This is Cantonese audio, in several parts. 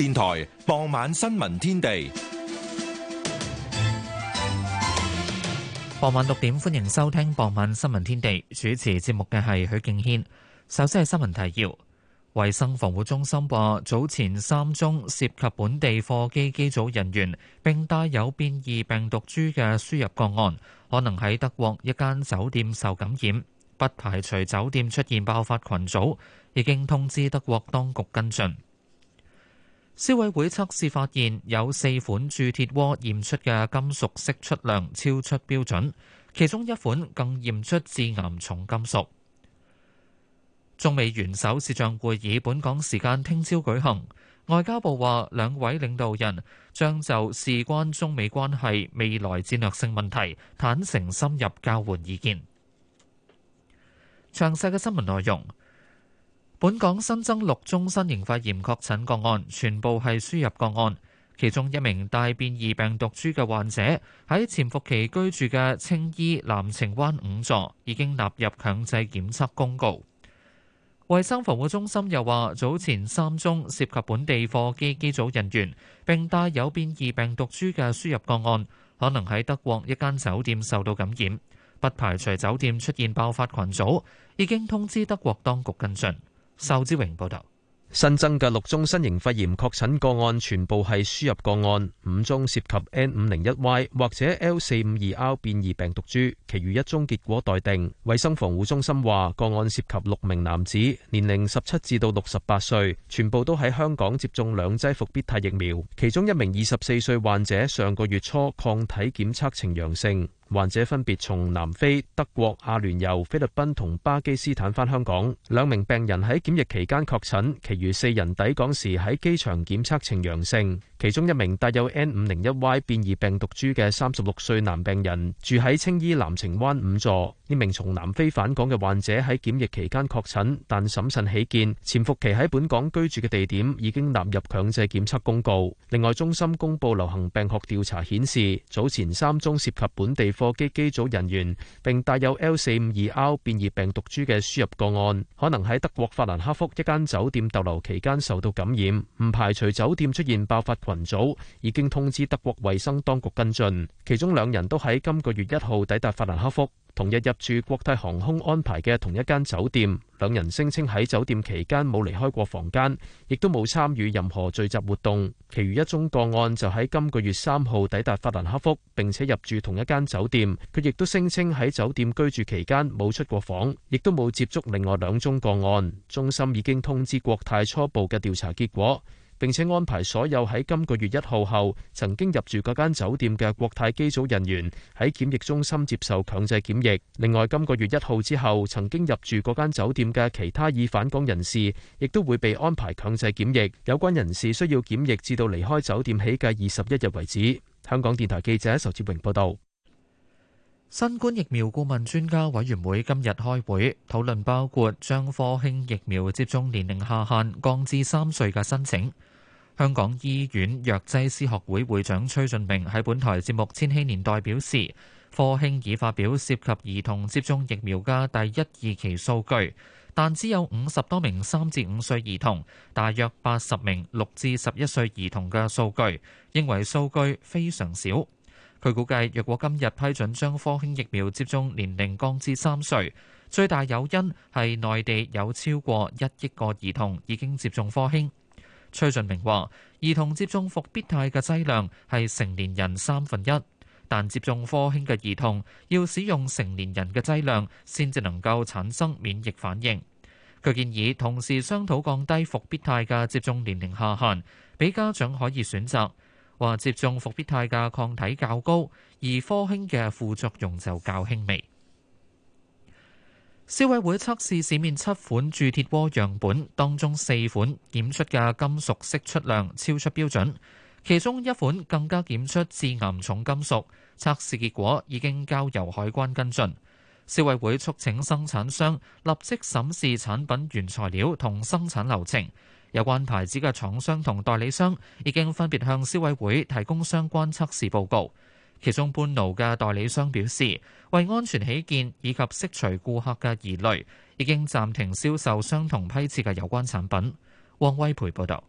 電台傍晚新聞天地，傍晚六點，歡迎收聽傍晚新聞天地。主持節目嘅係許敬軒。首先係新聞提要。衛生防護中心話，早前三宗涉及本地貨機機組人員並帶有變異病毒株嘅輸入個案，可能喺德國一間酒店受感染，不排除酒店出現爆發群組，已經通知德國當局跟進。消委會測試發現，有四款鑄鐵鍋驗出嘅金屬釋出量超出標準，其中一款更驗出致癌重金屬。中美元首視像會議，本港時間聽朝舉行。外交部話，兩位領導人將就事關中美關係未來戰略性問題，坦誠深入交換意見。詳細嘅新聞內容。本港新增六宗新型肺炎確診個案，全部係輸入個案。其中一名帶變異病毒株嘅患者喺潛伏期居住嘅青衣南澄灣五座已經納入強制檢測公告。衛生防護中心又話，早前三宗涉及本地貨機機組人員，並帶有變異病毒株嘅輸入個案，可能喺德國一間酒店受到感染，不排除酒店出現爆發群組，已經通知德國當局跟進。仇志榮報道新增嘅六宗新型肺炎確診個案，全部係輸入個案，五宗涉及 N 五零一 Y 或者 L 四五二 R 變異病毒株，其餘一宗結果待定。衛生防護中心話個案涉及六名男子，年齡十七至到六十八歲，全部都喺香港接種兩劑復必泰疫苗。其中一名二十四歲患者上個月初抗體檢測呈陽性。患者分別從南非、德國、阿聯酋、菲律賓同巴基斯坦返香港，兩名病人喺檢疫期間確診，其餘四人抵港時喺機場檢測呈陽性。其中一名帶有 N 五零一 Y 變異病毒株嘅三十六歲男病人，住喺青衣藍澄灣五座。呢名從南非返港嘅患者喺檢疫期間確診，但審慎起見，潛伏期喺本港居住嘅地點已經納入強制檢測公告。另外，中心公布流行病學調查顯示，早前三宗涉及本地貨機機組人員並帶有 L 四五二 R 變異病毒株嘅輸入個案，可能喺德國法蘭克福一間酒店逗留期間受到感染，唔排除酒店出現爆發。群組已經通知德國衛生當局跟進，其中兩人都喺今個月一號抵達法蘭克福，同日入住國泰航空安排嘅同一間酒店。兩人聲稱喺酒店期間冇離開過房間，亦都冇參與任何聚集活動。其餘一宗個案就喺今個月三號抵達法蘭克福，並且入住同一間酒店。佢亦都聲稱喺酒店居住期間冇出過房，亦都冇接觸另外兩宗個案。中心已經通知國泰初步嘅調查結果。並且安排所有喺今個月一號後曾經入住嗰間酒店嘅國泰機組人員喺檢疫中心接受強制檢疫。另外，今個月一號之後曾經入住嗰間酒店嘅其他已返港人士，亦都會被安排強制檢疫。有關人士需要檢疫至到離開酒店起嘅二十一日為止。香港電台記者仇志榮報道。新冠疫苗顧問專家委員會今日開會討論，討論包括將科興疫苗接種年齡下限降至三歲嘅申請。香港醫院藥劑師學會會長崔俊明喺本台節目《千禧年代》表示，科興已發表涉及兒童接種疫苗嘅第一、二期數據，但只有五十多名三至五歲兒童、大約八十名六至十一歲兒童嘅數據，認為數據非常少。佢估計，若果今日批准將科興疫苗接種年齡降至三歲，最大誘因係內地有超過一億個兒童已經接種科興。崔俊明話：兒童接種復必泰嘅劑量係成年人三分一，但接種科興嘅兒童要使用成年人嘅劑量先至能夠產生免疫反應。佢建議同時商討降低復必泰嘅接種年齡下限，俾家長可以選擇。話接種復必泰嘅抗體較高，而科興嘅副作用就較輕微。消委會測試市面七款鑄鐵鍋樣本，當中四款檢出嘅金屬釋出量超出標準，其中一款更加檢出致癌重金屬。測試結果已經交由海關跟進。消委會促請生產商立即審視產品原材料同生產流程。有關牌子嘅廠商同代理商已經分別向消委會提供相關測試報告。其中半路嘅代理商表示，為安全起見以及釋除顧客嘅疑慮，已經暫停銷售相同批次嘅有關產品。汪威培報道。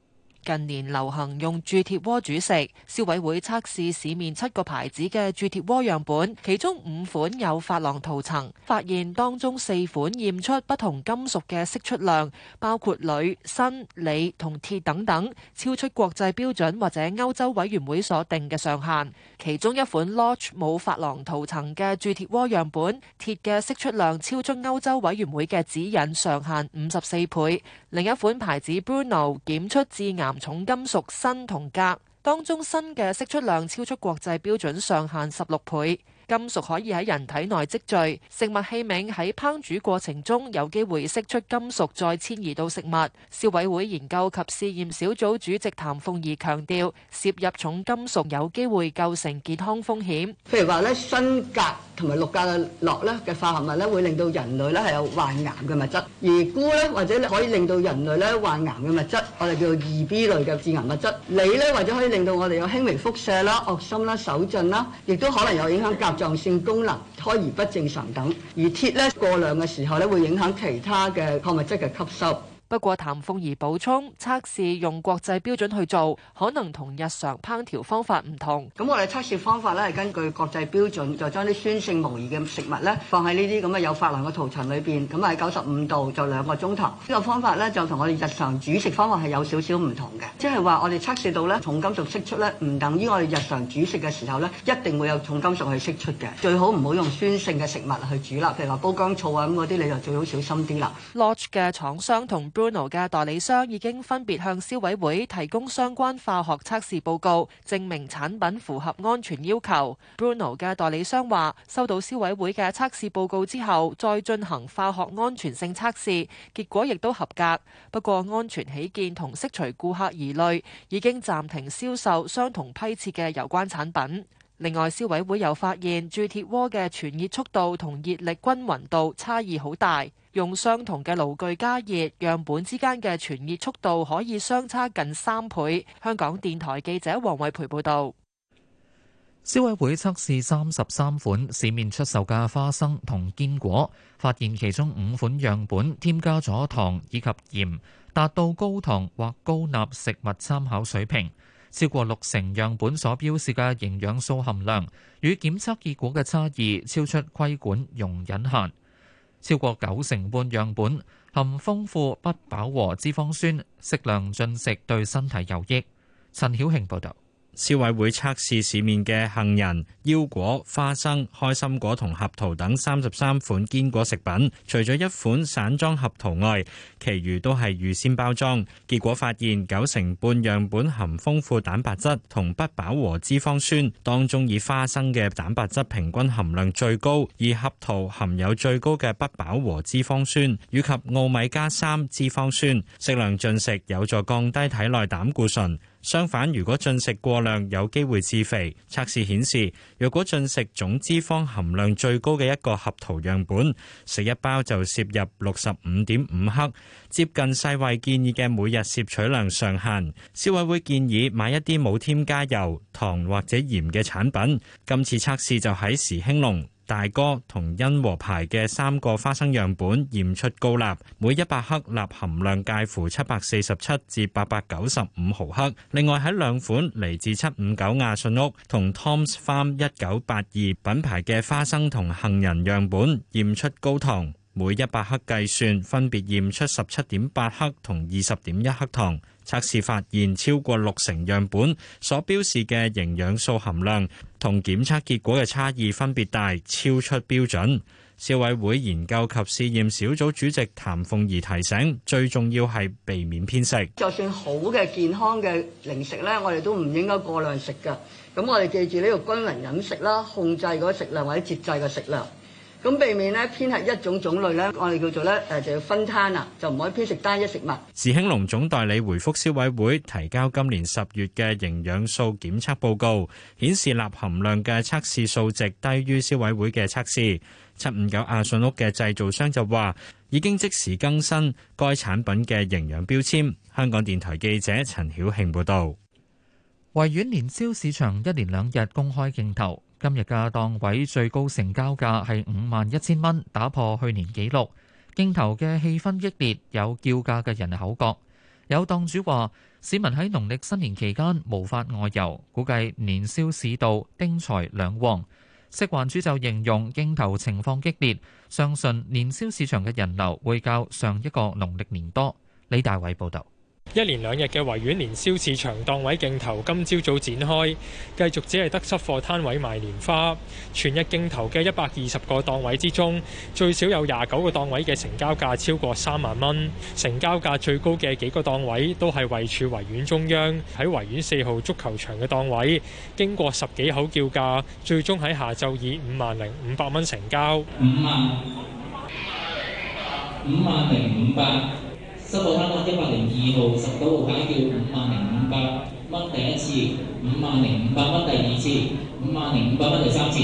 近年流行用鑄鐵鍋煮食，消委會測試市面七個牌子嘅鑄鐵鍋樣本，其中五款有珐琅塗層，發現當中四款驗出不同金屬嘅釋出量，包括鋁、鋅、鋰同鐵等等，超出國際標準或者歐洲委員會所定嘅上限。其中一款 Lodge 冇珐琅塗層嘅鑄鐵鍋樣本，鐵嘅釋出量超出歐洲委員會嘅指引上限五十四倍。另一款牌子 Bruno 檢出致癌。含重金屬砷同鎘，當中砷嘅釋出量超出國際標準上限十六倍。金屬可以喺人體內積聚，食物器皿喺烹煮過程中有機會釋出金屬，再遷移到食物。消委會研究及試驗小組主席譚鳳儀強調，攝入重金屬有機會構成健康風險。譬如話咧，砷、鎘同埋六價嘅鉻咧嘅化合物咧，會令到人類咧係有患癌嘅物質；而鈷咧，或者可以令到人類咧患癌嘅物質，我哋叫二 B 類嘅致癌物質。鋰咧，或者可以令到我哋有輕微輻射啦、惡心啦、手震啦，亦都可能有影響甲臟性功能、胎兒不正常等，而鐵呢過量嘅時候呢，會影響其他嘅礦物質嘅吸收。不過譚鳳儀補充，測試用國際標準去做，可能同日常烹調方法唔同。咁我哋測試方法咧係根據國際標準，就將啲酸性無疑嘅食物咧放喺呢啲咁嘅有琺瑯嘅塗層裏邊，咁喺九十五度就兩個鐘頭。呢、呢個方法咧就同我哋日常煮食方法係有少少唔同嘅，即係話我哋測試到咧重金屬釋出咧唔等於我哋日常煮食嘅時候咧一定會有重金屬去釋出嘅。最好唔好用酸性嘅食物去煮啦，譬如話煲薑醋啊咁嗰啲，你就最好小心啲啦。Lodge 嘅廠商同 Bruno 嘅代理商已經分別向消委會提供相關化學測試報告，證明產品符合安全要求。Bruno 嘅代理商話，收到消委會嘅測試報告之後，再進行化學安全性測試，結果亦都合格。不過，安全起見同釋除顧客疑慮，已經暫停銷售相同批次嘅有關產品。另外，消委會又發現鑄鐵鍋嘅傳熱速度同熱力均勻度差異好大。用相同嘅爐具加熱，樣本之間嘅傳熱速度可以相差近三倍。香港電台記者王偉培報道。消委會測試三十三款市面出售嘅花生同堅果，發現其中五款樣本添加咗糖以及鹽，達到高糖或高鈉食物參考水平。超過六成樣本所標示嘅營養素含量，與檢測結果嘅差異超出規管容忍限。超過九成半樣本含豐富不飽和脂肪酸，適量進食對身體有益。陳曉慶報導。消委會測試市面嘅杏仁、腰果、花生、開心果同合桃等三十三款堅果食品，除咗一款散裝合桃外，其餘都係預先包裝。結果發現九成半樣本含豐富蛋白質同不飽和脂肪酸，當中以花生嘅蛋白質平均含量最高，而合桃含有最高嘅不飽和脂肪酸以及奧米加三脂肪酸。適量進食有助降低體內膽固醇。相反，如果進食過量，有機會致肥。測試顯示，若果進食總脂肪含量最高嘅一個合桃樣本，食一包就攝入六十五點五克，接近世衛建議嘅每日攝取量上限。消委會建議買一啲冇添加油、糖或者鹽嘅產品。今次測試就喺時興隆、大哥同恩和牌嘅三個花生樣本驗出高鈉，每一百克鈉含量介乎七百四十七至八百九十五毫克。另外喺兩款嚟自七五九阿信屋同 Tom's Farm 一九八二品牌嘅花生同杏仁樣本驗出高糖，每一百克計算分別驗出十七點八克同二十點一克糖。測試發現超過六成樣本所標示嘅營養素含量同檢測結果嘅差異分別大，超出標準。消委會研究及試驗小組主席譚鳳儀提醒，最重要係避免偏食。就算好嘅健康嘅零食咧，我哋都唔應該過量食㗎。咁我哋記住呢個均勻飲食啦，控制嗰食量或者節制嘅食量。咁避免咧偏係一種種類咧，我哋叫做咧誒，就要分攤啊，就唔可以偏食單一食物。時興隆總代理回覆消委會提交今年十月嘅營養素檢測報告，顯示鈉含量嘅測試數值低於消委會嘅測試。七五九阿信屋嘅製造商就話已經即時更新該產品嘅營養標籤。香港電台記者陳曉慶報導。維園年宵市場一連兩日公開競投，今日嘅檔位最高成交價係五萬一千蚊，打破去年紀錄。競投嘅氣氛激烈，有叫價嘅人口角。有檔主話，市民喺農曆新年期間無法外遊，估計年宵市道丁財兩旺。食環署就形容競投情況激烈，相信年宵市場嘅人流會較上一個農曆年多。李大偉報道。一連兩日嘅維園年宵市場檔位競投，今朝早，早展開，繼續只係得七貨攤位賣年花。全日競投嘅一百二十個檔位之中，最少有廿九個檔位嘅成交價超過三萬蚊。成交價最高嘅幾個檔位都係位處維園中央，喺維園四號足球場嘅檔位，經過十幾口叫價，最終喺下晝以五萬零五百蚊成交。五萬，五萬零五百。收貨攤啦，一百零二號十九號位叫五萬零五百蚊第一次，五萬零五百蚊第二次，五萬零五百蚊第三次，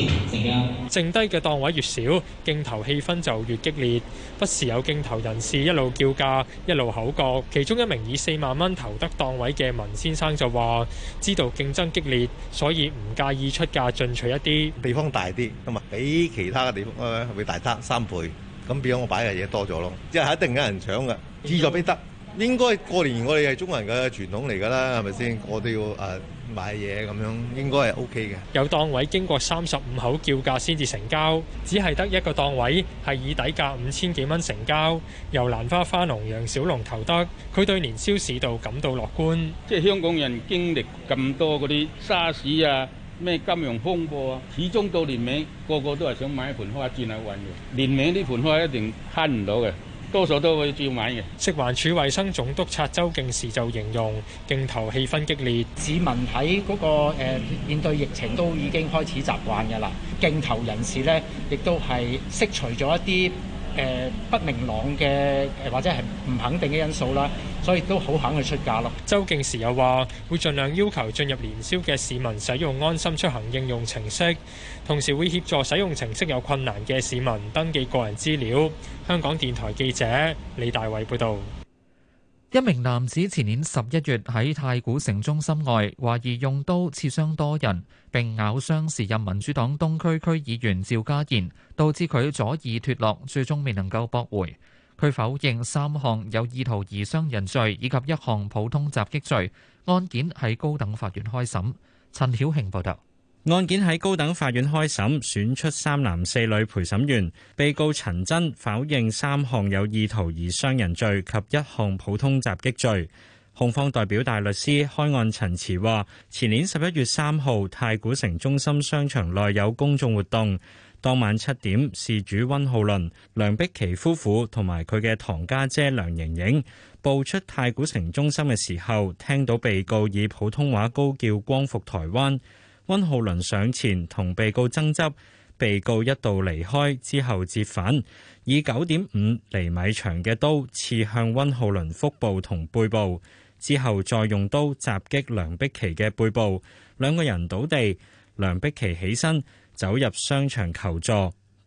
剩低嘅檔位越少，競投氣氛就越激烈。不時有競投人士一路叫價，一路口角。其中一名以四萬蚊投得檔位嘅文先生就話：知道競爭激烈，所以唔介意出價進取一啲，地方大啲，同埋比其他嘅地方咧會大得三倍，咁變咗我擺嘅嘢多咗咯，即係一定有人搶嘅。自助俾得，應該過年我哋係中國人嘅傳統嚟㗎啦，係咪先？我都要誒、啊、買嘢咁樣，應該係 OK 嘅。有檔位經過三十五口叫價先至成交，只係得一個檔位係以底價五千幾蚊成交，由蘭花花農楊小龍投得。佢對年宵市道感到樂觀。即係香港人經歷咁多嗰啲沙士啊、咩金融風暴啊，始終到年尾個個都係想買一盤花轉下運嘅。年尾呢盤花一定慳唔到嘅。多數都會要買嘅。食環署衞生總督察周敬時就形容，競投氣氛激烈。市民喺嗰、那個、呃、面對疫情都已經開始習慣㗎啦。競投人士呢亦都係釋除咗一啲。誒、呃、不明朗嘅誒或者係唔肯定嘅因素啦，所以都好肯去出價咯。周敬時又話，會盡量要求進入年宵嘅市民使用安心出行應用程式，同時會協助使用程式有困難嘅市民登記個人資料。香港電台記者李大偉報道。一名男子前年十一月喺太古城中心外，懷疑用刀刺傷多人，並咬傷時任民主黨東區區議員趙家賢，導致佢左耳脫落，最終未能夠駁回。佢否認三項有意圖而傷人罪以及一項普通襲擊罪，案件喺高等法院開審。陳曉慶報道。案件喺高等法院開審，選出三男四女陪審員。被告陳真否認三項有意圖而傷人罪及一項普通襲擊罪。控方代表大律師開案陳詞話：前年十一月三號，太古城中心商場內有公眾活動，當晚七點，事主溫浩倫、梁碧琪夫婦同埋佢嘅堂家姐梁瑩瑩步出太古城中心嘅時候，聽到被告以普通話高叫光“光復台灣”。溫浩倫上前同被告爭執，被告一度離開，之後折返，以九點五厘米長嘅刀刺向溫浩倫腹部同背部，之後再用刀襲擊梁碧琪嘅背部，兩個人倒地。梁碧琪起身走入商場求助，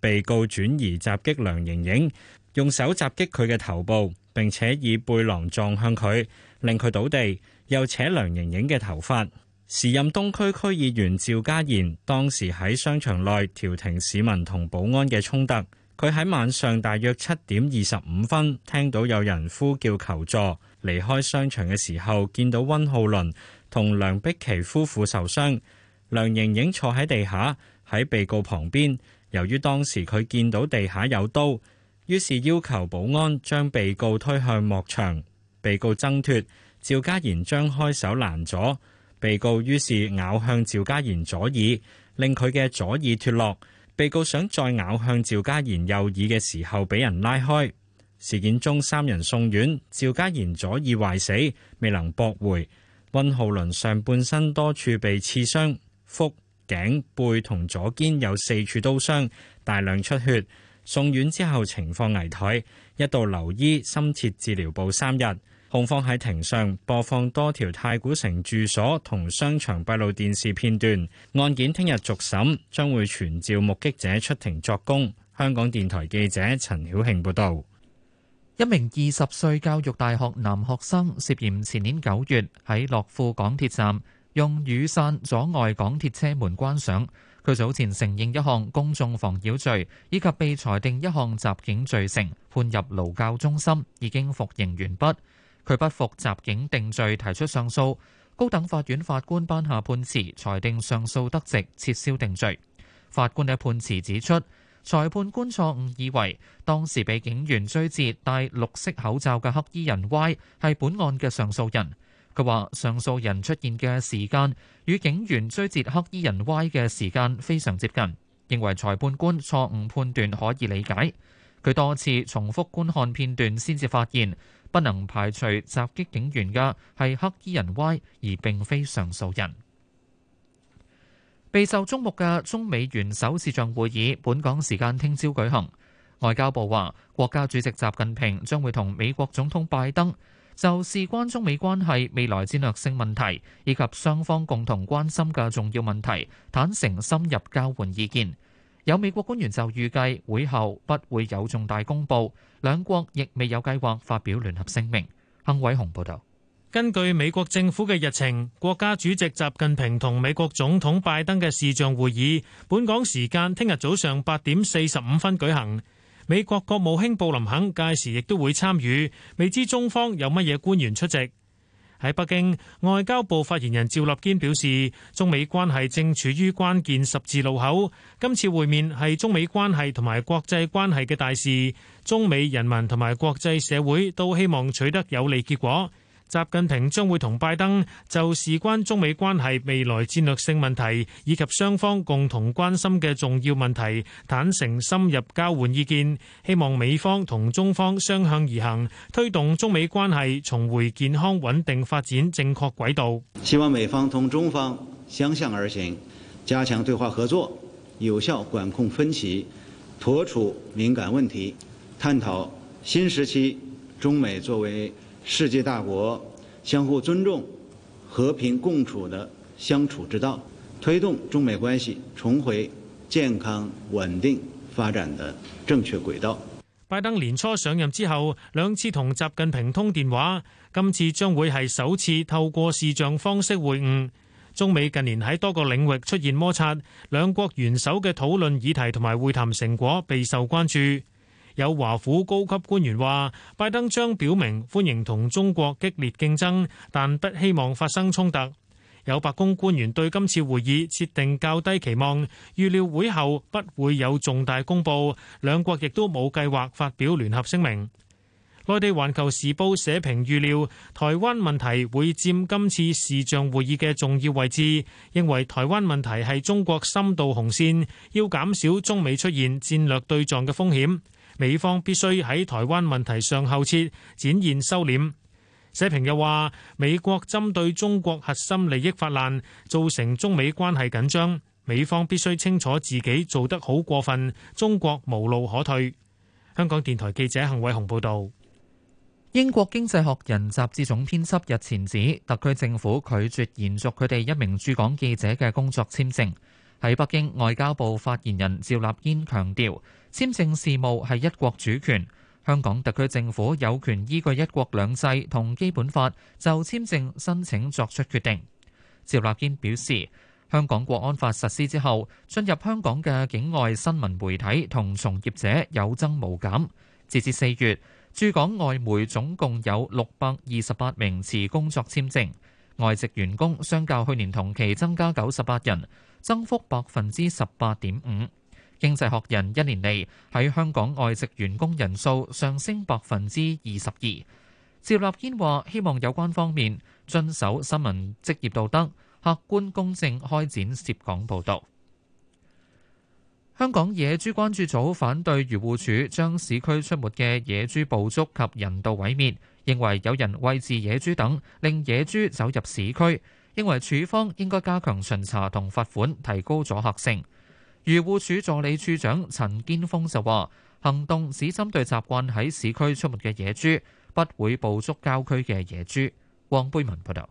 被告轉移襲擊梁盈盈，用手襲擊佢嘅頭部，並且以背囊撞向佢，令佢倒地，又扯梁盈盈嘅頭髮。時任東區區議員趙家賢當時喺商場內調停市民同保安嘅衝突。佢喺晚上大約七點二十五分聽到有人呼叫求助，離開商場嘅時候見到溫浩倫同梁碧琪夫婦受傷，梁瑩瑩坐喺地下喺被告旁邊。由於當時佢見到地下有刀，於是要求保安將被告推向幕場。被告掙脱，趙家賢張開手攔咗。被告於是咬向趙嘉賢左耳，令佢嘅左耳脫落。被告想再咬向趙嘉賢右耳嘅時候，俾人拉開。事件中三人送院，趙嘉賢左耳壞死，未能駁回。温浩倫上半身多處被刺傷，腹、頸、背同左肩有四處刀傷，大量出血。送院之後情況危殆，一度留醫深切治療部三日。控方喺庭上播放多條太古城住所同商場閉路電視片段。案件聽日續審，將會傳召目擊者出庭作供。香港電台記者陳曉慶報道：一名二十歲教育大學男學生涉嫌前年九月喺樂富港鐵站用雨傘阻礙港鐵車門關上。佢早前承認一項公眾妨擾罪，以及被裁定一項襲警罪成，判入勞教中心，已經服刑完畢。佢不服襲警定罪，提出上訴。高等法院法官頒下判詞，裁定上訴得直，撤銷定罪。法官嘅判詞指出，裁判官錯誤以為當時被警員追截戴綠色口罩嘅黑衣人 Y 係本案嘅上訴人。佢話上訴人出現嘅時間與警員追截黑衣人 Y 嘅時間非常接近，認為裁判官錯誤判斷可以理解。佢多次重複觀看片段，先至發現。不能排除襲擊警員嘅係黑衣人歪，而並非上訴人。備受矚目嘅中美元首視像會議，本港時間聽朝舉行。外交部話，國家主席習近平將會同美國總統拜登就事關中美關係未來戰略性問題，以及雙方共同關心嘅重要問題，坦誠深入交換意見。有美國官員就預計會後不會有重大公佈，兩國亦未有計劃發表聯合聲明。幸偉雄報導，根據美國政府嘅日程，國家主席習近平同美國總統拜登嘅視像會議，本港時間聽日早上八點四十五分舉行。美國國務卿布林肯屆時亦都會參與，未知中方有乜嘢官員出席。喺北京，外交部發言人趙立堅表示：中美關係正處於關鍵十字路口，今次會面係中美關係同埋國際關係嘅大事，中美人民同埋國際社會都希望取得有利結果。習近平將會同拜登就事關中美關係未來戰略性問題，以及雙方共同關心嘅重要問題坦誠深入交換意見，希望美方同中方相向而行，推動中美關係重回健康穩定發展正確軌道。希望美方同中方相向而行，加強對話合作，有效管控分歧，妥處敏感問題，探討新時期中美作為。世界大國相互尊重、和平共處的相處之道，推動中美關係重回健康穩定發展的正確軌道。拜登年初上任之後，兩次同習近平通電話，今次將會係首次透過視像方式會晤。中美近年喺多個領域出現摩擦，兩國元首嘅討論議題同埋會談成果備受關注。有華府高級官員話：拜登將表明歡迎同中國激烈競爭，但不希望發生衝突。有白宮官員對今次會議設定較低期望，預料會後不會有重大公佈。兩國亦都冇計劃發表聯合聲明。內地《環球時報》社評預料，台灣問題會佔今次視像會議嘅重要位置，認為台灣問題係中國深度紅線，要減少中美出現戰略對撞嘅風險。美方必須喺台灣問題上後撤，展現收斂。社評又話：美國針對中國核心利益發難，造成中美關係緊張。美方必須清楚自己做得好過分，中國無路可退。香港電台記者幸偉雄報道。英國經濟學人雜誌總編輯日前指，特區政府拒絕延續佢哋一名駐港記者嘅工作簽證。喺北京，外交部發言人趙立堅強調。簽證事務係一國主權，香港特區政府有權依據一國兩制同基本法就簽證申請作出決定。趙立堅表示，香港國安法實施之後，進入香港嘅境外新聞媒體同從業者有增無減。截至四月，駐港外媒總共有六百二十八名持工作簽證外籍員工，相較去年同期增加九十八人，增幅百分之十八點五。《經濟學人》一年嚟喺香港外籍員工人數上升百分之二十二。趙立堅話：希望有關方面遵守新聞職業道德，客觀公正開展涉港報導。香港野豬關注組反對漁護署將市區出沒嘅野豬捕捉及人道毀滅，認為有人餵飼野豬等，令野豬走入市區。認為署方應該加強巡查同罰款，提高阻嚇性。漁護署助理署長陳堅峰就話：行動只針對習慣喺市區出沒嘅野豬，不會捕捉郊區嘅野豬。黃貝文報道，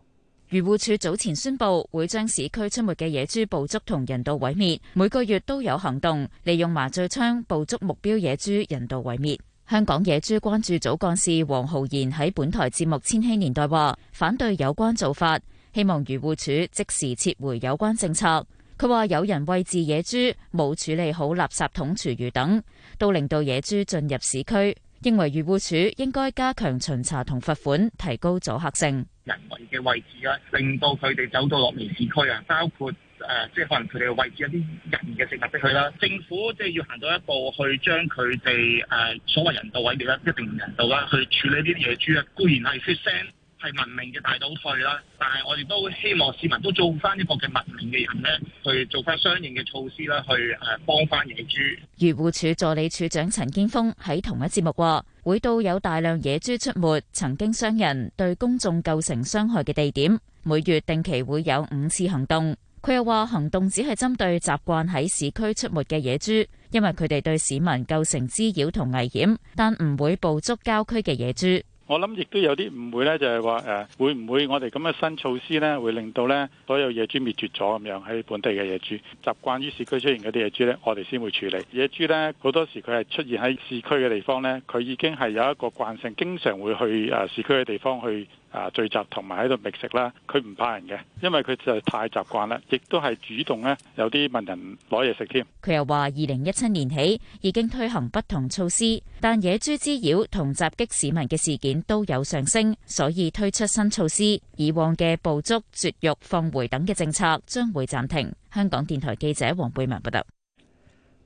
漁護署早前宣布會將市區出沒嘅野豬捕捉同人道毀滅，每個月都有行動，利用麻醉槍捕,捕捉目標野豬，人道毀滅。香港野豬關注組幹事黃浩然喺本台節目《千禧年代》話，反對有關做法，希望漁護署即時撤回有關政策。佢話有人餵飼野豬，冇處理好垃圾桶、廚餘等，都令到野豬進入市區。認為漁護署應該加強巡查同罰款，提高阻嚇性。人為嘅餵飼啊，令到佢哋走到落嚟市區啊，包括、呃、即可能佢哋餵飼一啲人嘅食物俾佢啦。政府即係要行到一步去將佢哋、呃、所謂人道毀滅啦，一定人道啦，去處理呢啲野豬啊，固然係血腥，係文明嘅大倒退啦，但係我哋都希望市民都做翻呢個嘅文明嘅人呢，去做翻相應嘅措施啦，去誒幫翻野豬。漁護署助理署長陳堅峰喺同一節目話，會到有大量野豬出沒、曾經傷人、對公眾構成傷害嘅地點，每月定期會有五次行動。佢又話行動只係針對習慣喺市區出沒嘅野豬，因為佢哋對市民構成滋擾同危險，但唔會捕捉郊區嘅野豬。我諗亦都有啲誤會咧，就係話誒，會唔會我哋咁嘅新措施咧，會令到咧所有野豬滅絕咗咁樣？喺本地嘅野豬習慣於市區出現嗰啲野豬咧，我哋先會處理野豬咧。好多時佢係出現喺市區嘅地方咧，佢已經係有一個慣性，經常會去誒市區嘅地方去。啊！聚集同埋喺度覓食啦，佢唔怕人嘅，因為佢就係太習慣啦，亦都係主動咧，有啲問人攞嘢食添。佢又話二零一七年起已經推行不同措施，但野豬滋擾同襲擊市民嘅事件都有上升，所以推出新措施。以往嘅捕捉絕育放回等嘅政策將會暫停。香港電台記者黃貝文報道。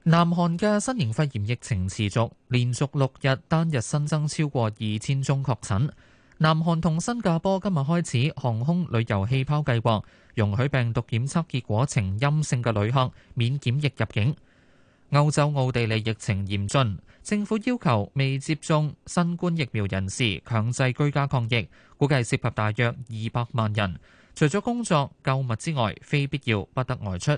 南韓嘅新型肺炎疫情持續，連續六日單日新增超過二千宗確診。南韓同新加坡今日開始航空旅遊氣泡計劃，容許病毒檢測結果呈陰性嘅旅客免檢疫入境。歐洲奧地利疫情嚴峻，政府要求未接種新冠疫苗人士強制居家抗疫，估計涉及大約二百萬人。除咗工作、購物之外，非必要不得外出。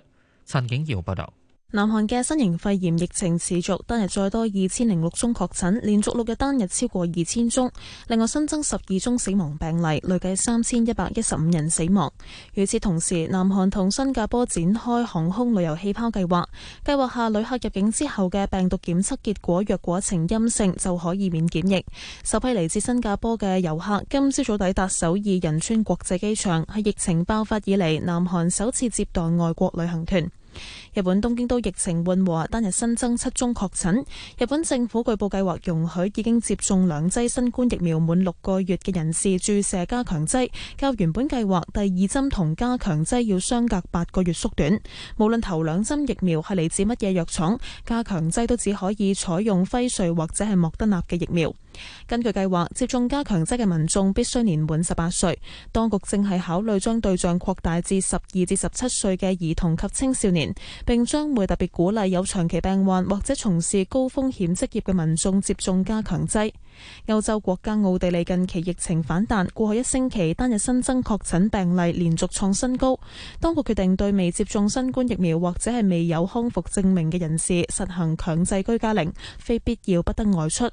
陳景堯報道。南韓嘅新型肺炎疫情持續，單日再多二千零六宗確診，連續六日單日超過二千宗，另外新增十二宗死亡病例，累計三千一百一十五人死亡。與此同時，南韓同新加坡展開航空旅遊氣泡計劃，計劃下旅客入境之後嘅病毒檢測結果若果呈陰性，就可以免檢疫。首批嚟自新加坡嘅遊客今朝早抵達首爾仁川國際機場，喺疫情爆發以嚟南韓首次接待外國旅行團。日本東京都疫情緩和，單日新增七宗確診。日本政府據報計劃容許已經接種兩劑新冠疫苗滿六個月嘅人士注射加強劑，較原本計劃第二針同加強劑要相隔八個月縮短。無論頭兩針疫苗係嚟自乜嘢藥廠，加強劑都只可以採用輝瑞或者係莫德納嘅疫苗。根據計劃，接種加強劑嘅民眾必須年滿十八歲。當局正係考慮將對象擴大至十二至十七歲嘅兒童及青少年，並將會特別鼓勵有長期病患或者從事高風險職業嘅民眾接種加強劑。歐洲國家奧地利近期疫情反彈，過去一星期單日新增確診病例連續創新高。當局決定對未接種新冠疫苗或者係未有康復證明嘅人士實行強制居家令，非必要不得外出。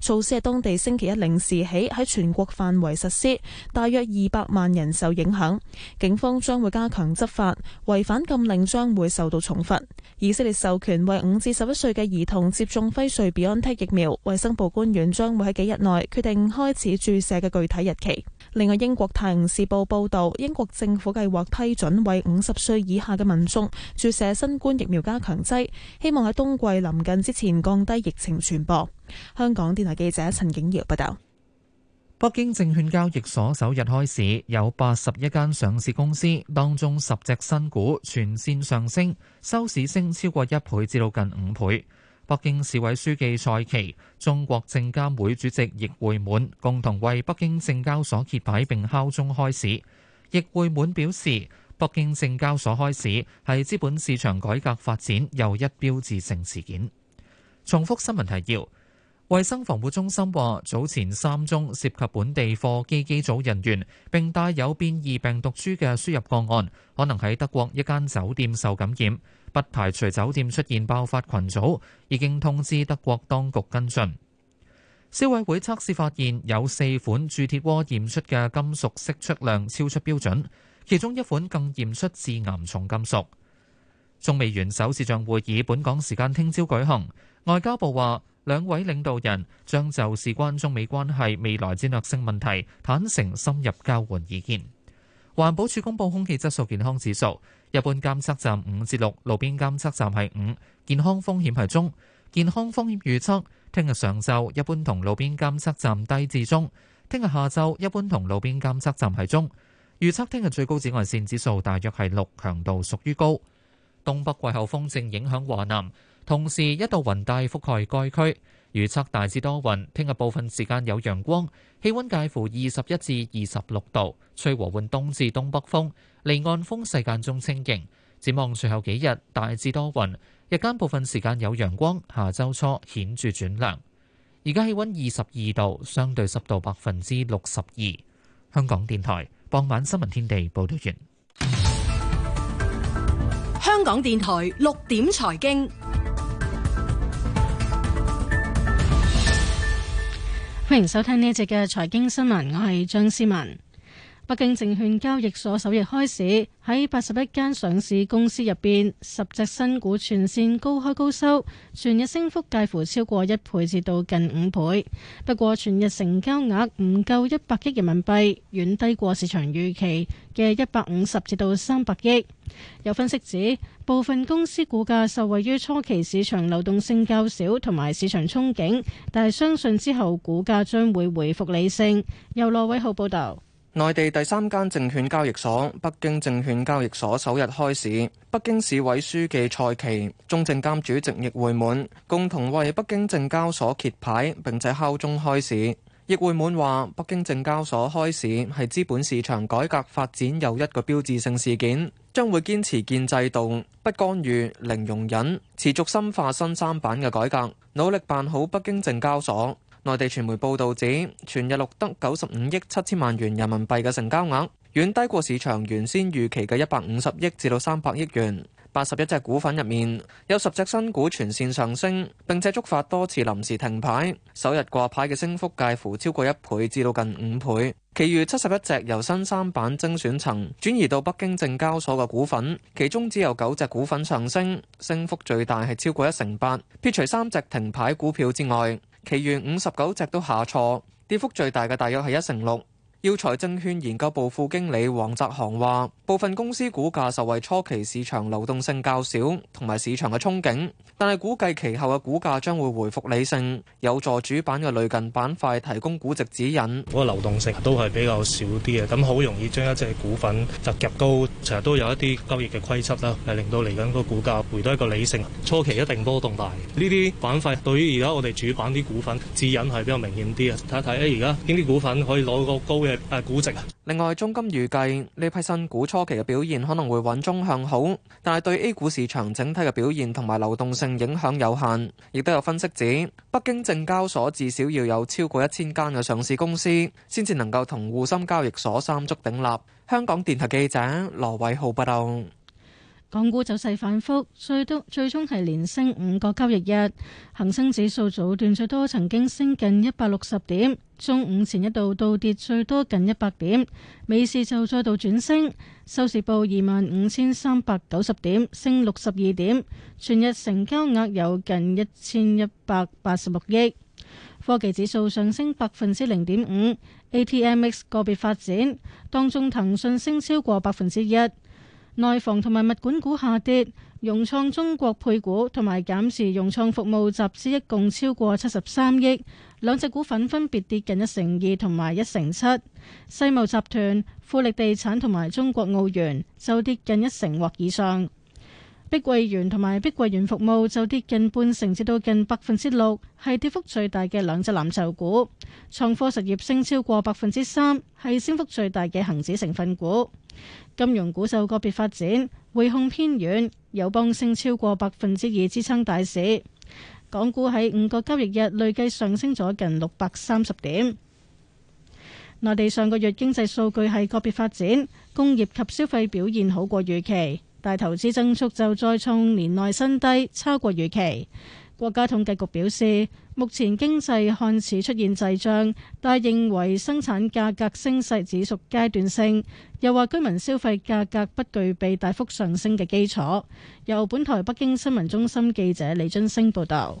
措施係當地星期一零時起喺全國範圍實施，大約二百萬人受影響。警方將會加強執法，違反禁令將會受到重罰。以色列授權為五至十一歲嘅兒童接種輝瑞 BioNTech 疫苗，衛生部官員將會喺幾日內決定開始注射嘅具體日期。另外，英國《泰晤士報》報道，英國政府計劃批准為五十歲以下嘅民眾注射新冠疫苗加強劑，希望喺冬季臨近之前降低疫情傳播。香港電台記者陳景瑤報道。北京證券交易所首日開市，有八十一間上市公司，當中十隻新股全線上升，收市升超過一倍，至到近五倍。北京市委書記蔡奇、中國證監會主席易會滿共同為北京證交所揭牌並敲鐘開市。易會滿表示，北京證交所開市係資本市場改革發展又一標誌性事件。重複新聞提要：衛生防護中心話，早前三宗涉及本地貨機機組人員並帶有變異病毒株嘅輸入個案，可能喺德國一間酒店受感染。不排除酒店出現爆發群組，已經通知德國當局跟進。消委會測試發現有四款鑄鐵鍋驗出嘅金屬釋出量超出標準，其中一款更驗出致癌重金屬。中美元首視像會議本港時間聽朝舉行，外交部話兩位領導人將就事關中美關係未來戰略性問題坦誠深入交換意見。環保署公布空氣質素健康指數。一般監測站五至六，路邊監測站係五，健康風險係中。健康風險預測：聽日上晝一般同路邊監測站低至中；聽日下晝一般同路邊監測站係中。預測聽日最高紫外線指數大約係六，強度屬於高。東北季候風正影響華南，同時一道雲帶覆蓋該區，預測大致多雲，聽日部分時間有陽光，氣温介乎二十一至二十六度，吹和緩東至東北風。離岸風勢間中清勁，展望隨後幾日大致多雲，日間部分時間有陽光。下周初顯著轉涼。而家氣溫二十二度，相對濕度百分之六十二。香港電台傍晚新聞天地報道完。香港電台六點財經，歡迎收聽呢一節嘅財經新聞，我係張思文。北京證券交易所首日開市，喺八十一間上市公司入邊，十隻新股全線高開高收，全日升幅介乎超過一倍至到近五倍。不過，全日成交額唔夠一百億人民幣，遠低過市場預期嘅一百五十至到三百億。有分析指，部分公司股價受惠於初期市場流動性較少同埋市場憧憬，但係相信之後股價將會回復理性。由羅偉浩報道。內地第三間證券交易所北京證券交易所首日開市，北京市委書記蔡奇、中證監主席易會滿共同為北京證交所揭牌並且敲鐘開市。易會滿話：北京證交所開市係資本市場改革發展又一個標誌性事件，將會堅持建制度、不干預、零容忍，持續深化新三板嘅改革，努力辦好北京證交所。內地傳媒報道指，全日錄得九十五億七千萬元人民幣嘅成交額，遠低過市場原先預期嘅一百五十億至到三百億元。八十一隻股份入面，有十隻新股全線上升，並且觸發多次臨時停牌。首日掛牌嘅升幅介乎超過一倍至到近五倍。其餘七十一隻由新三板精選層轉移到北京證交所嘅股份，其中只有九隻股份上升，升幅最大係超過一成八。撇除三隻停牌股票之外。其餘五十九隻都下挫，跌幅最大嘅大約係一成六。耀才證券研究部副經理黃澤航話：部分公司股價受惠初期市場流動性較少，同埋市場嘅憧憬，但係估計其後嘅股價將會回復理性，有助主板嘅類近板塊提供估值指引。嗰個流動性都係比較少啲嘅，咁好容易將一隻股份就夾高。成日都有一啲交易嘅規則啦，係令到嚟緊個股價回到一個理性。初期一定波動大，呢啲板塊對於而家我哋主板啲股份指引係比較明顯啲啊。睇一睇咧，而家邊啲股份可以攞個高？誒另外，中金預計呢批新股初期嘅表現可能會穩中向好，但係對 A 股市場整體嘅表現同埋流動性影響有限。亦都有分析指，北京證交所至少要有超過一千間嘅上市公司，先至能夠同滬深交易所三足鼎立。香港電台記者羅偉浩報道。港股走勢反覆，最多最終係連升五個交易日。恒生指數早段最多曾經升近一百六十點，中午前一度倒跌最多近一百點。美市就再度轉升，收市報二萬五千三百九十點，升六十二點。全日成交額有近一千一百八十六億。科技指數上升百分之零點五。ATMX 個別發展，當中騰訊升超過百分之一。內房同埋物管股下跌，融創中國配股同埋減持融創服務集資，一共超過七十三億。兩隻股份分別跌近一成二同埋一成七。世茂集團、富力地產同埋中國奧園就跌近一成或以上。碧桂園同埋碧桂園服務就跌近半成至近，至到近百分之六，係跌幅最大嘅兩隻藍籌股。創科實業升超過百分之三，係升幅最大嘅恒指成分股。金融股就個別發展，匯控偏軟，友邦升超過百分之二，支撐大市。港股喺五個交易日累計上升咗近六百三十點。內地上個月經濟數據係個別發展，工業及消費表現好過預期，但投資增速就再創年內新低，超過預期。國家統計局表示，目前經濟看似出現滯脹，但係認為生產價格升勢只屬階段性，又話居民消費價格不具備大幅上升嘅基礎。由本台北京新聞中心記者李津升報導。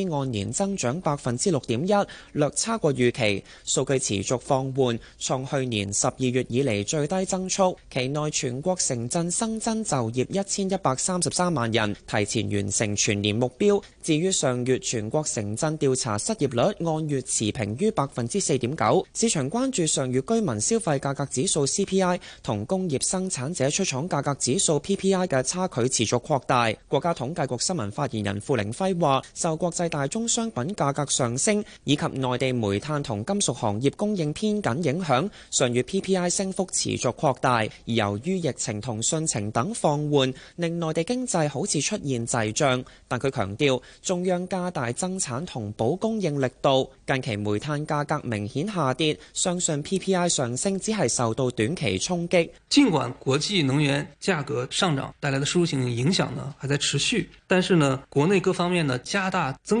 按年增長百分之六點一，略差過預期。數據持續放緩，從去年十二月以嚟最低增速。期內全國城鎮新增就業一千一百三十三萬人，提前完成全年目標。至於上月全國城鎮調查失業率按月持平於百分之四點九。市場關注上月居民消費價格指數 CPI 同工業生產者出廠價格指數 PPI 嘅差距持續擴大。國家統計局新聞發言人傅玲輝話，受國際大宗商品價格上升以及內地煤炭同金屬行業供應偏緊影響，上月 PPI 升幅持續擴大。而由於疫情同汛情等放緩，令內地經濟好似出現滯脹。但佢強調中央加大增產同補供應力度。近期煤炭價格明顯下跌，相信 PPI 上升只係受到短期衝擊，儘管國際能源價格上漲帶來的輸入性影響呢，還在持續。但是呢，國內各方面呢，加大增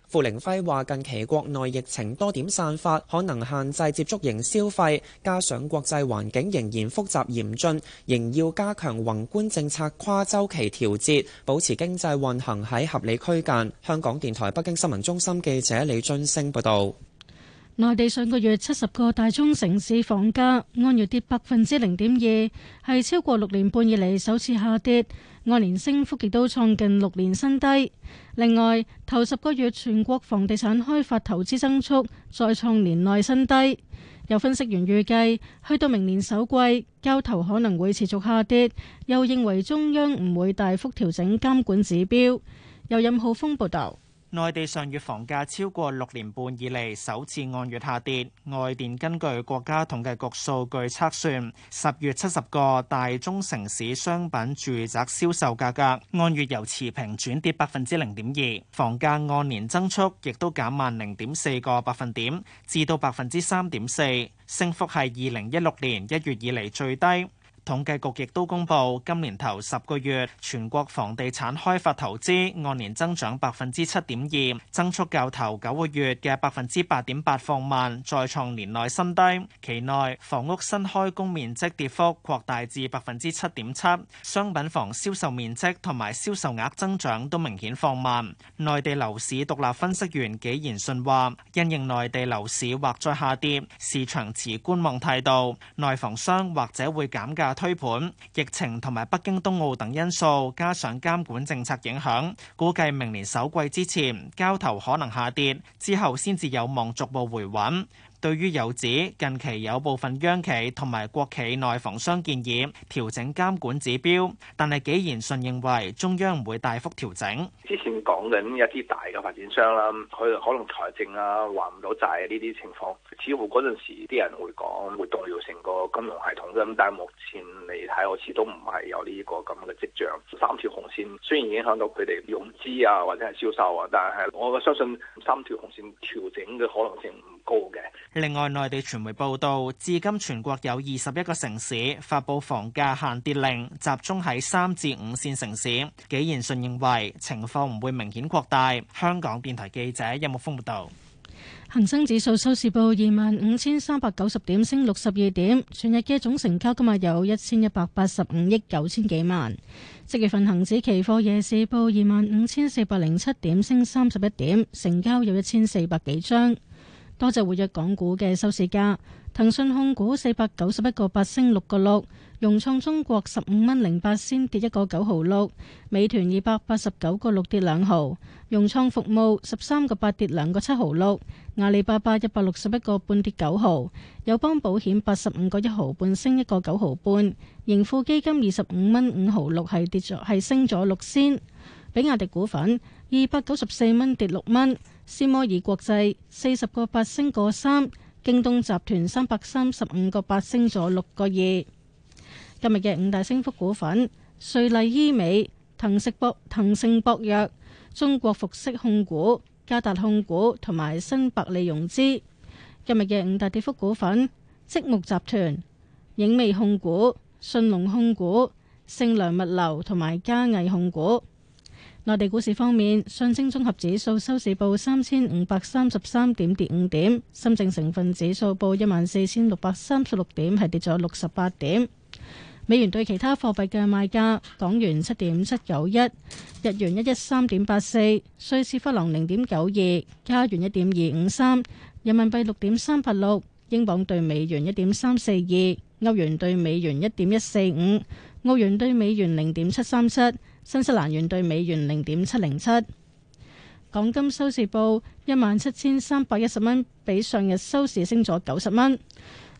傅凌輝話：近期國內疫情多點散發，可能限制接觸型消費，加上國際環境仍然複雜嚴峻，仍要加強宏觀政策跨周期調節，保持經濟運行喺合理區間。香港電台北京新聞中心記者李津升報道。內地上個月七十個大中城市房價按月跌百分之零點二，係超過六年半以嚟首次下跌。按年升幅亦都創近六年新低。另外，頭十個月全國房地產開發投資增速再創年內新低。有分析員預計，去到明年首季，交投可能會持續下跌。又認為中央唔會大幅調整監管指標。由任浩峰報導。內地上月房價超過六年半以嚟首次按月下跌。外電根據國家統計局數據測算，十月七十個大中城市商品住宅銷售價格按月由持平轉跌百分之零點二，房價按年增速亦都減慢零點四個百分點，至到百分之三點四，升幅係二零一六年一月以嚟最低。統計局亦都公布，今年頭十個月全國房地產開發投資按年增長百分之七點二，增速較頭九個月嘅百分之八點八放慢，再創年內新低。期內房屋新開工面積跌幅擴大至百分之七點七，商品房銷售面積同埋銷售額增長都明顯放慢。內地樓市獨立分析員紀言信話：因應內地樓市或再下跌，市場持觀望態度，內房商或者會減價。推盤、疫情同埋北京冬奧等因素，加上監管政策影響，估計明年首季之前交投可能下跌，之後先至有望逐步回穩。對於有指近期有部分央企同埋國企內房商建議調整監管指標，但係紀言信認為中央唔會大幅調整。之前講緊一啲大嘅發展商啦，佢可能財政啊還唔到債啊呢啲情況。似乎嗰陣時啲人會講會動搖成個金融系統啫，咁但係目前嚟睇，好似都唔係有呢個咁嘅跡象。三條紅線雖然影響到佢哋融資啊或者係銷售啊，但係我相信三條紅線調整嘅可能性唔高嘅。另外，內地傳媒報道，至今全國有二十一個城市發布房價限限跌令，集中喺三至五線城市。紀賢信認為情況唔會明顯擴大。香港電台記者任木峯報道。恒生指數收市報二萬五千三百九十點，升六十二點。全日嘅總成交今日有一千一百八十五億九千幾萬。七月份恒指期貨夜市報二萬五千四百零七點，升三十一點，成交有一千四百幾張。多隻活躍港股嘅收市價，騰訊控股四百九十一個八升六個六，融創中國十五蚊零八先跌一個九毫六，美團二百八十九個六跌兩毫，融創服務十三個八跌兩個七毫六，阿里巴巴一百六十一個半跌九毫，友邦保險八十五個一毫半升一個九毫半，盈富基金二十五蚊五毫六係跌咗係升咗六仙，比亞迪股份二百九十四蚊跌六蚊。斯摩爾國際四十個八升個三，京東集團三百三十五個八升咗六個二。今日嘅五大升幅股份：瑞麗醫美、騰盛博、騰盛博藥、中國服飾控股、嘉達控股同埋新百利融資。今日嘅五大跌幅股份：積木集團、影味控股、信隆控股、盛良物流同埋嘉藝控股。內地股市方面，上證綜合指數收市報三千五百三十三點，跌五點；深證成分指數報一萬四千六百三十六點，係跌咗六十八點。美元對其他貨幣嘅賣價：港元七點七九一，日元一一三點八四，瑞士法郎零點九二，加元一點二五三，人民幣六點三八六，英鎊兌美元一點三四二，歐元兌美元一點一四五，澳元兌美元零點七三七。新西蘭元兌美元零點七零七，港金收市報一萬七千三百一十蚊，比上日收市升咗九十蚊。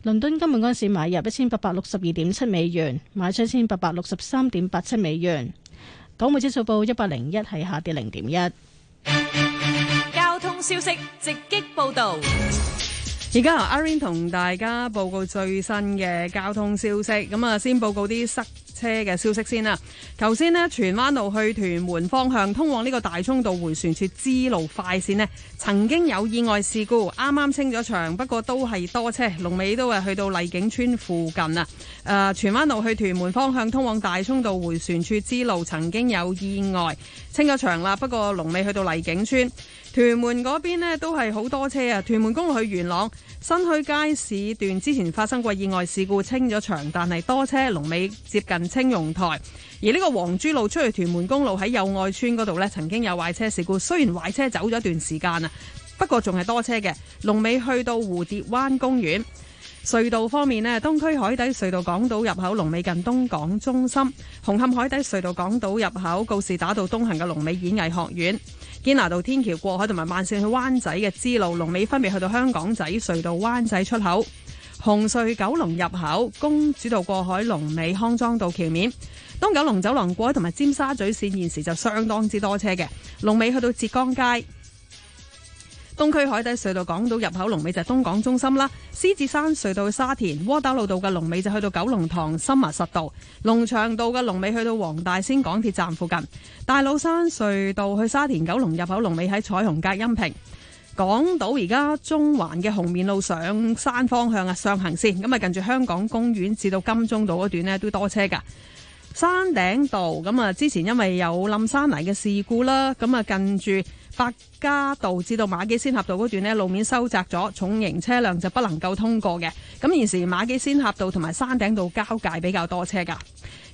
倫敦金每盎司買入一千八百六十二點七美元，賣出一千八百六十三點八七美元。港匯指數報一百零一，係下跌零點一。交通消息直擊報道，而家由阿 Rain 同大家報告最新嘅交通消息。咁啊，先報告啲塞車嘅消息先啦。頭先呢，荃灣路去屯門方向，通往呢個大涌道回旋處支路快線呢，曾經有意外事故，啱啱清咗場，不過都係多車，龍尾都係去到麗景村附近啊。誒、呃，荃灣路去屯門方向，通往大涌道回旋處支路曾經有意外，清咗場啦，不過龍尾去到麗景村。屯門嗰邊都係好多車啊！屯門公路去元朗新墟街市段之前發生過意外事故，清咗場，但係多車。龍尾接近青榕台，而呢個黃珠路出去屯門公路喺友愛村嗰度咧曾經有壞車事故，雖然壞車走咗一段時間啊，不過仲係多車嘅。龍尾去到蝴蝶灣公園隧道方面咧，東區海底隧道港島入口龍尾近東港中心，紅磡海底隧道港島入口告士打道東行嘅龍尾演藝學院。堅拿道天橋過海同埋慢綫去灣仔嘅支路龍尾，分別去到香港仔隧道灣仔出口、紅隧九龍入口、公主道過海龍尾、康莊道橋面、東九龍走廊過海同埋尖沙咀綫，現時就相當之多車嘅。龍尾去到浙江街。東區海底隧道港島入口龍尾就係東港中心啦，獅子山隧道去沙田窩打老道嘅龍尾就去到九龍塘森麻實道，龍翔道嘅龍尾去到黃大仙港鐵站附近，大老山隧道去沙田九龍入口龍尾喺彩虹隔音屏，港島而家中環嘅紅棉路上山方向啊上行線。咁啊近住香港公園至到金鐘道嗰段呢，都多車噶，山頂道咁啊之前因為有冧山泥嘅事故啦，咁啊近住。百家道至到馬基仙峽道嗰段呢，路面收窄咗，重型車輛就不能夠通過嘅。咁現時馬基仙峽道同埋山頂道交界比較多車㗎。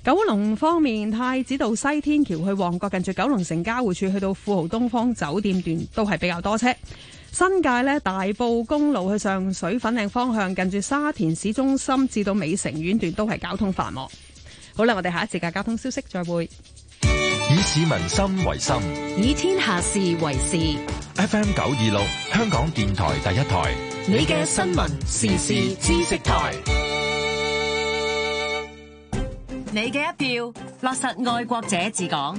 九龍方面，太子道西天橋去旺角近住九龍城交匯處去到富豪東方酒店段都係比較多車。新界咧，大埔公路去上水粉嶺方向，近住沙田市中心至到美城苑段都係交通繁忙。好啦，我哋下一節嘅交通消息再會。以市民心為心，以天下事為事。FM 九二六，香港電台第一台，你嘅新聞、時事、知識台，你嘅一票，落實愛國者治港。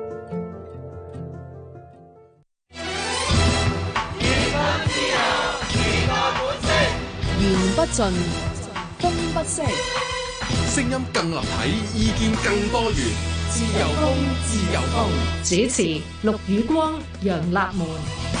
言不盡，風不息，聲音更立體，意見更多元，自由風，自由風。主持：陸宇光、楊立門。